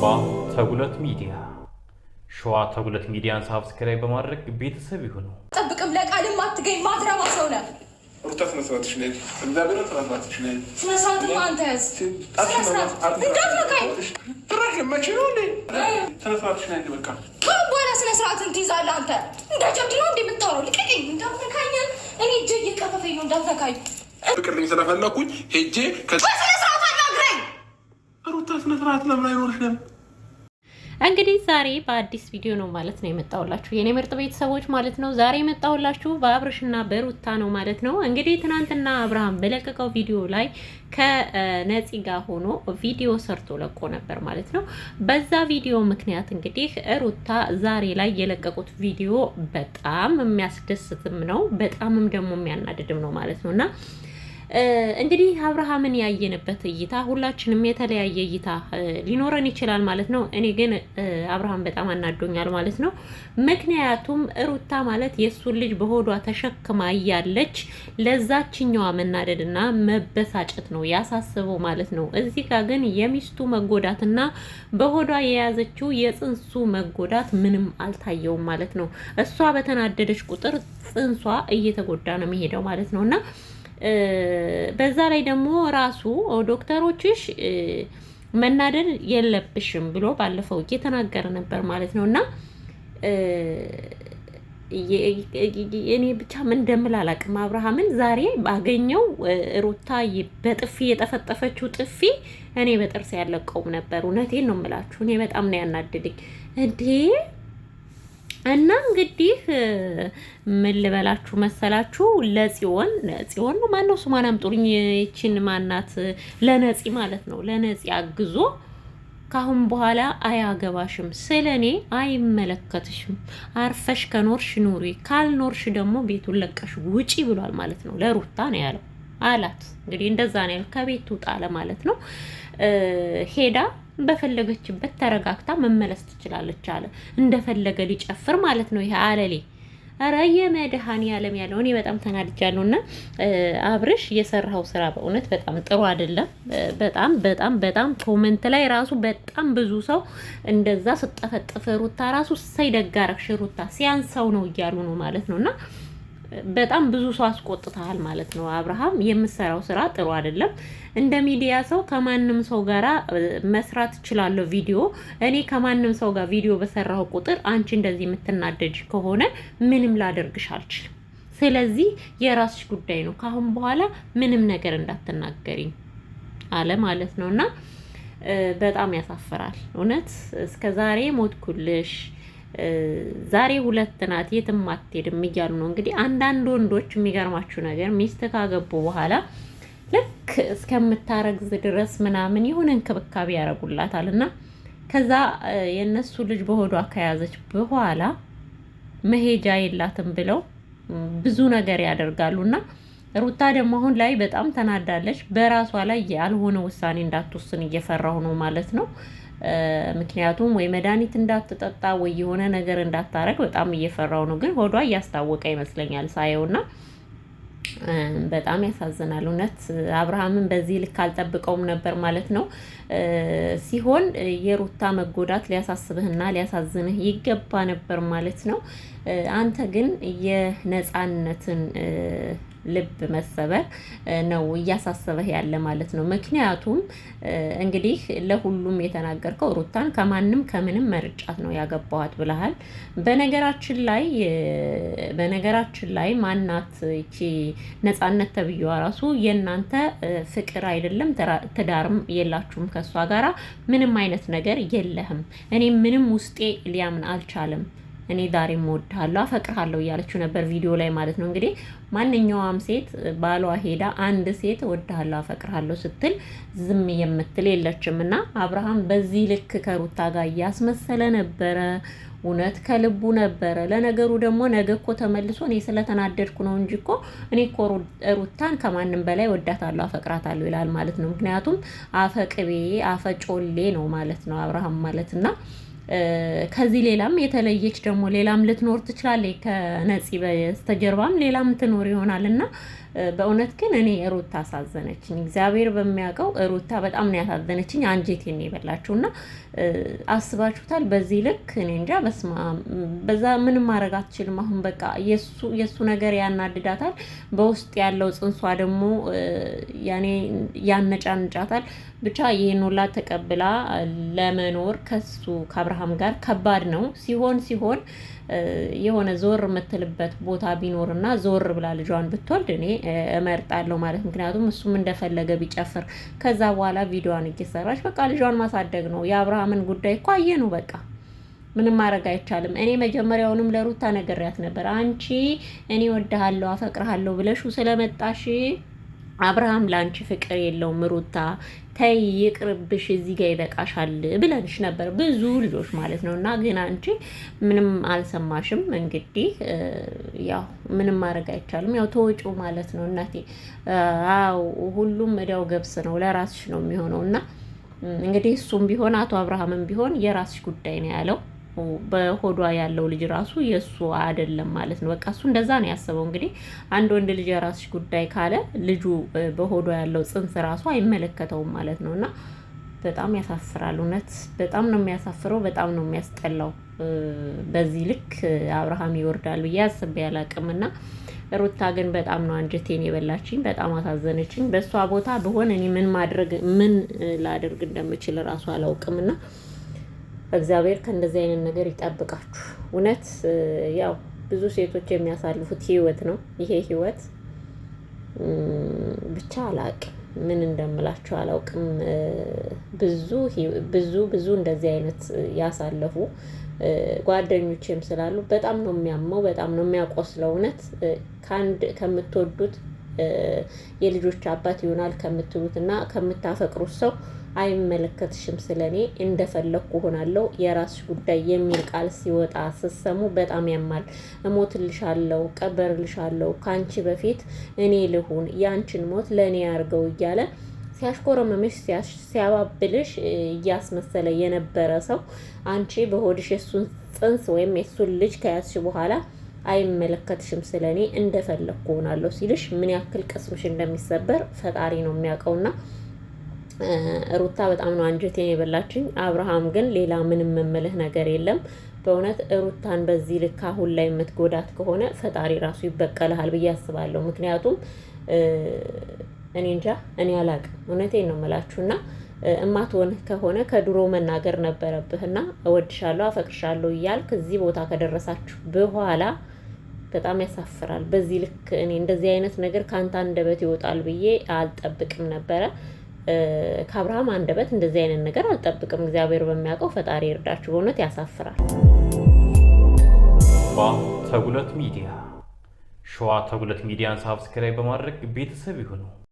አባ ተጉለት ሚዲያ ሸዋ ተጉለት ሚዲያን ሳብስክራይብ በማድረግ ቤተሰብ ይሁኑ። ጠብቅም ለቃልም ማትገኝ ማትረባ ሰው ነህ። ቁርጠት መስራትሽ እግዚአብሔር አንተ ነው እንዴ? ትይዛለህ አንተ። እንደ ጀብድ ነው እንዴ የምታወራው? ልቀቀኝ። እንዳትነካኝ። እኔ እጄ እየቀፈፈኝ ነው። እንዳትነካኝ። ፍቅር ስለፈለኩኝ ሄጄ ሩታ ስነ ስርዓት ለምን አይኖርሽ? እንግዲህ ዛሬ በአዲስ ቪዲዮ ነው ማለት ነው የመጣሁላችሁ የኔ ምርጥ ቤተሰቦች ማለት ነው። ዛሬ የመጣሁላችሁ በአብርሽና በሩታ ነው ማለት ነው። እንግዲህ ትናንትና አብርሃም በለቀቀው ቪዲዮ ላይ ከነፂ ጋር ሆኖ ቪዲዮ ሰርቶ ለቆ ነበር ማለት ነው። በዛ ቪዲዮ ምክንያት እንግዲህ ሩታ ዛሬ ላይ የለቀቁት ቪዲዮ በጣም የሚያስደስትም ነው፣ በጣምም ደግሞ የሚያናድድም ነው ማለት ነው እና እንግዲህ አብርሃምን ያየንበት እይታ ሁላችንም የተለያየ እይታ ሊኖረን ይችላል ማለት ነው። እኔ ግን አብርሃም በጣም አናዶኛል ማለት ነው። ምክንያቱም ሩታ ማለት የእሱን ልጅ በሆዷ ተሸክማ እያለች ለዛችኛዋ መናደድና መበሳጨት ነው ያሳስበው ማለት ነው። እዚህ ጋር ግን የሚስቱ መጎዳትና በሆዷ የያዘችው የጽንሱ መጎዳት ምንም አልታየውም ማለት ነው። እሷ በተናደደች ቁጥር ጽንሷ እየተጎዳ ነው የሚሄደው ማለት ነው እና በዛ ላይ ደግሞ ራሱ ዶክተሮችሽ መናደድ የለብሽም ብሎ ባለፈው እየተናገረ ነበር ማለት ነው እና እኔ ብቻ ምን እንደምል አላውቅም። አብርሃምን ዛሬ ባገኘው ሩታ በጥፊ የጠፈጠፈችው ጥፊ እኔ በጥርስ ያለቀውም ነበር። እውነቴን ነው የምላችሁ። እኔ በጣም ነው ያናድድኝ እንዴ እና እንግዲህ ምን ልበላችሁ መሰላችሁ ለጽዮን ለጽዮን ነው ማነው ስሟን አምጡልኝ ይችን ማናት ለነፂ ማለት ነው ለነፂ አግዞ ካሁን በኋላ አያገባሽም፣ ስለ እኔ አይመለከትሽም፣ አርፈሽ ከኖርሽ ኑሪ፣ ካልኖርሽ ደግሞ ቤቱን ለቀሽ ውጪ ብሏል ማለት ነው። ለሩታ ነው ያለው አላት። እንግዲህ እንደዛ ነው ያለው። ከቤት ውጣ ለማለት ነው ሄዳ በፈለገችበት ተረጋግታ መመለስ ትችላለች አለ። እንደፈለገ ሊጨፍር ማለት ነው ይሄ አለሌ። ኧረ የመድሃኒ ዓለም ያለው እኔ በጣም ተናድጃለሁ። እና አብርሽ የሰራው ስራ በእውነት በጣም ጥሩ አይደለም። በጣም በጣም በጣም ኮመንት ላይ ራሱ በጣም ብዙ ሰው እንደዛ ስጠፈጥፍ ሩታ ራሱ እሰይ ደጋረግሽ ሩታ ሲያንሰው ነው እያሉ ነው ማለት ነው እና በጣም ብዙ ሰው አስቆጥተሃል ማለት ነው አብርሃም። የምሰራው ስራ ጥሩ አይደለም። እንደ ሚዲያ ሰው ከማንም ሰው ጋራ መስራት እችላለሁ ቪዲዮ። እኔ ከማንም ሰው ጋር ቪዲዮ በሰራሁ ቁጥር አንቺ እንደዚህ የምትናደጅ ከሆነ ምንም ላደርግሽ አልችልም። ስለዚህ የራስሽ ጉዳይ ነው። ካሁን በኋላ ምንም ነገር እንዳትናገሪኝ አለ ማለት ነው። እና በጣም ያሳፍራል እውነት። እስከ ዛሬ ሞትኩልሽ ዛሬ ሁለት ናት የትም አትሄድም እያሉ ነው። እንግዲህ አንዳንድ ወንዶች የሚገርማችሁ ነገር ሚስት ካገቡ በኋላ ልክ እስከምታረግዝ ድረስ ምናምን የሆነ እንክብካቤ ያደርጉላታል እና ከዛ የእነሱ ልጅ በሆዷ ከያዘች በኋላ መሄጃ የላትም ብለው ብዙ ነገር ያደርጋሉ እና ሩታ ደግሞ አሁን ላይ በጣም ተናዳለች። በራሷ ላይ ያልሆነ ውሳኔ እንዳትወስን እየፈራሁ ነው ማለት ነው። ምክንያቱም ወይ መድኃኒት እንዳትጠጣ ወይ የሆነ ነገር እንዳታረግ በጣም እየፈራው ነው። ግን ሆዷ እያስታወቀ ይመስለኛል ሳየው ና በጣም ያሳዝናል። እውነት አብርሃምን በዚህ ልክ አልጠብቀውም ነበር ማለት ነው። ሲሆን የሩታ መጎዳት ሊያሳስብህና ሊያሳዝንህ ይገባ ነበር ማለት ነው። አንተ ግን የነፃነትን ልብ መሰበር ነው እያሳሰበህ ያለ ማለት ነው። ምክንያቱም እንግዲህ ለሁሉም የተናገርከው ሩታን ከማንም ከምንም መርጫት ነው ያገባዋት ብለሃል። በነገራችን ላይ በነገራችን ላይ ማናት ይቺ ነጻነት ተብዬዋ ራሱ የእናንተ ፍቅር አይደለም ትዳርም የላችሁም ከእሷ ጋራ ምንም አይነት ነገር የለህም። እኔ ምንም ውስጤ ሊያምን አልቻለም። እኔ ዛሬም እወድሃለሁ፣ አፈቅርሃለሁ እያለችው ነበር ቪዲዮ ላይ ማለት ነው። እንግዲህ ማንኛውም ሴት ባሏ ሄዳ አንድ ሴት እወድሃለሁ፣ አፈቅርሃለሁ ስትል ዝም የምትል የለችም እና አብርሃም በዚህ ልክ ከሩታ ጋር እያስመሰለ ነበረ። እውነት ከልቡ ነበረ። ለነገሩ ደግሞ ነገ እኮ ተመልሶ እኔ ስለተናደድኩ ነው እንጂ እኮ እኔ እኮ ሩታን ከማንም በላይ ወዳታለሁ አፈቅራታለሁ ይላል ማለት ነው። ምክንያቱም አፈቅቤ አፈጮሌ ነው ማለት ነው አብርሃም ማለት እና ከዚህ ሌላም የተለየች ደግሞ ሌላም ልትኖር ትችላለች። ከነፂ በስተጀርባም ሌላም ትኖር ይሆናል እና በእውነት ግን እኔ ሩታ አሳዘነችኝ። እግዚአብሔር በሚያውቀው ሩታ በጣም ነው ያሳዘነችኝ። አንጀቴን ነው የበላችሁ እና አስባችሁታል። በዚህ ልክ እኔ እንጃ በስማ በዛ ምንም ማድረግ አትችልም። አሁን በቃ የእሱ ነገር ያናድዳታል። በውስጥ ያለው ጽንሷ ደግሞ ያኔ ያነጫንጫታል። ብቻ ይህን ሁላ ተቀብላ ለመኖር ከሱ ከአብርሃም ጋር ከባድ ነው ሲሆን ሲሆን የሆነ ዞር የምትልበት ቦታ ቢኖርና ዞር ብላ ልጇን ብትወልድ እኔ እመርጣለሁ ማለት ምክንያቱም እሱም እንደፈለገ ቢጨፍር ከዛ በኋላ ቪዲዮዋን እየሰራች በቃ ልጇን ማሳደግ ነው። የአብርሃምን ጉዳይ እኮ ነው በቃ ምንም ማድረግ አይቻልም። እኔ መጀመሪያውንም ለሩታ ነገሪያት ነበር። አንቺ እኔ ወድሃለሁ አፈቅርሃለሁ ብለሽ ስለመጣሽ አብርሃም ለአንቺ ፍቅር የለውም ሩታ ተይ ይቅርብሽ፣ እዚህ ጋር ይበቃሻል ብለንሽ ነበር ብዙ ልጆች ማለት ነው። እና ግን አንቺ ምንም አልሰማሽም። እንግዲህ ያው ምንም ማድረግ አይቻልም። ያው ተወጪው ማለት ነው እናቴ። አዎ ሁሉም እዳው ገብስ ነው፣ ለራስሽ ነው የሚሆነው። እና እንግዲህ እሱም ቢሆን አቶ አብርሃምም ቢሆን የራስሽ ጉዳይ ነው ያለው በሆዷ ያለው ልጅ ራሱ የእሱ አይደለም ማለት ነው። በቃ እሱ እንደዛ ነው ያሰበው። እንግዲህ አንድ ወንድ ልጅ የራስሽ ጉዳይ ካለ ልጁ በሆዷ ያለው ጽንስ ራሱ አይመለከተውም ማለት ነው። እና በጣም ያሳፍራል። እውነት በጣም ነው የሚያሳፍረው። በጣም ነው የሚያስጠላው። በዚህ ልክ አብርሃም ይወርዳል ብዬ አስቤ አላቅም እና ሩታ ግን በጣም ነው አንጀቴን የበላችኝ። በጣም አሳዘነችኝ። በእሷ ቦታ በሆነ እኔ ምን ማድረግ ምን ላደርግ እንደምችል ራሱ አላውቅም እና እግዚአብሔር ከእንደዚህ አይነት ነገር ይጠብቃችሁ። እውነት ያው ብዙ ሴቶች የሚያሳልፉት ህይወት ነው ይሄ ህይወት። ብቻ አላቅ ምን እንደምላችሁ አላውቅም። ብዙ ብዙ ብዙ እንደዚህ አይነት ያሳለፉ ጓደኞቼም ስላሉ በጣም ነው የሚያመው፣ በጣም ነው የሚያቆስለው። እውነት ከአንድ ከምትወዱት የልጆች አባት ይሆናል ከምትሉት እና ከምታፈቅሩት ሰው አይመለከትሽም፣ ስለኔ እንደፈለግኩ ሆናለሁ፣ የራስሽ ጉዳይ የሚል ቃል ሲወጣ ስሰሙ በጣም ያማል። እሞትልሻለሁ፣ ቀበርልሻለሁ፣ ከአንቺ በፊት እኔ ልሁን፣ ያንቺን ሞት ለእኔ ያርገው እያለ ሲያሽኮረመምሽ ሲያባብልሽ እያስመሰለ የነበረ ሰው አንቺ በሆድሽ የሱን ጽንስ ወይም የሱን ልጅ ከያዝሽ በኋላ አይመለከትሽም ስለ እኔ እንደፈለግኩ ሆናለሁ ሲልሽ ምን ያክል ቅስምሽ እንደሚሰበር ፈጣሪ ነው የሚያውቀውና ሩታ በጣም ነው አንጀቴን የበላችኝ። አብርሃም ግን ሌላ ምንም የምልህ ነገር የለም። በእውነት ሩታን በዚህ ልክ አሁን ላይ የምትጎዳት ከሆነ ፈጣሪ ራሱ ይበቀልሃል ብዬ አስባለሁ። ምክንያቱም እኔ እንጃ እኔ አላቅም። እውነቴን ነው የምላችሁና እማትሆንህ ከሆነ ከድሮ መናገር ነበረብህና እወድሻለሁ፣ አፈቅርሻለሁ እያልክ እዚህ ቦታ ከደረሳችሁ በኋላ በጣም ያሳፍራል። በዚህ ልክ እኔ እንደዚህ አይነት ነገር ከአንተ አንደበት ይወጣል ብዬ አልጠብቅም ነበረ። ከአብርሃም አንደበት እንደዚህ አይነት ነገር አልጠብቅም። እግዚአብሔር በሚያውቀው ፈጣሪ ይርዳችሁ። በእውነት ያሳፍራል። ተጉለት ሚዲያ ሸዋ ተጉለት ሚዲያን ሳብስክራይብ በማድረግ ቤተሰብ ይሁነው።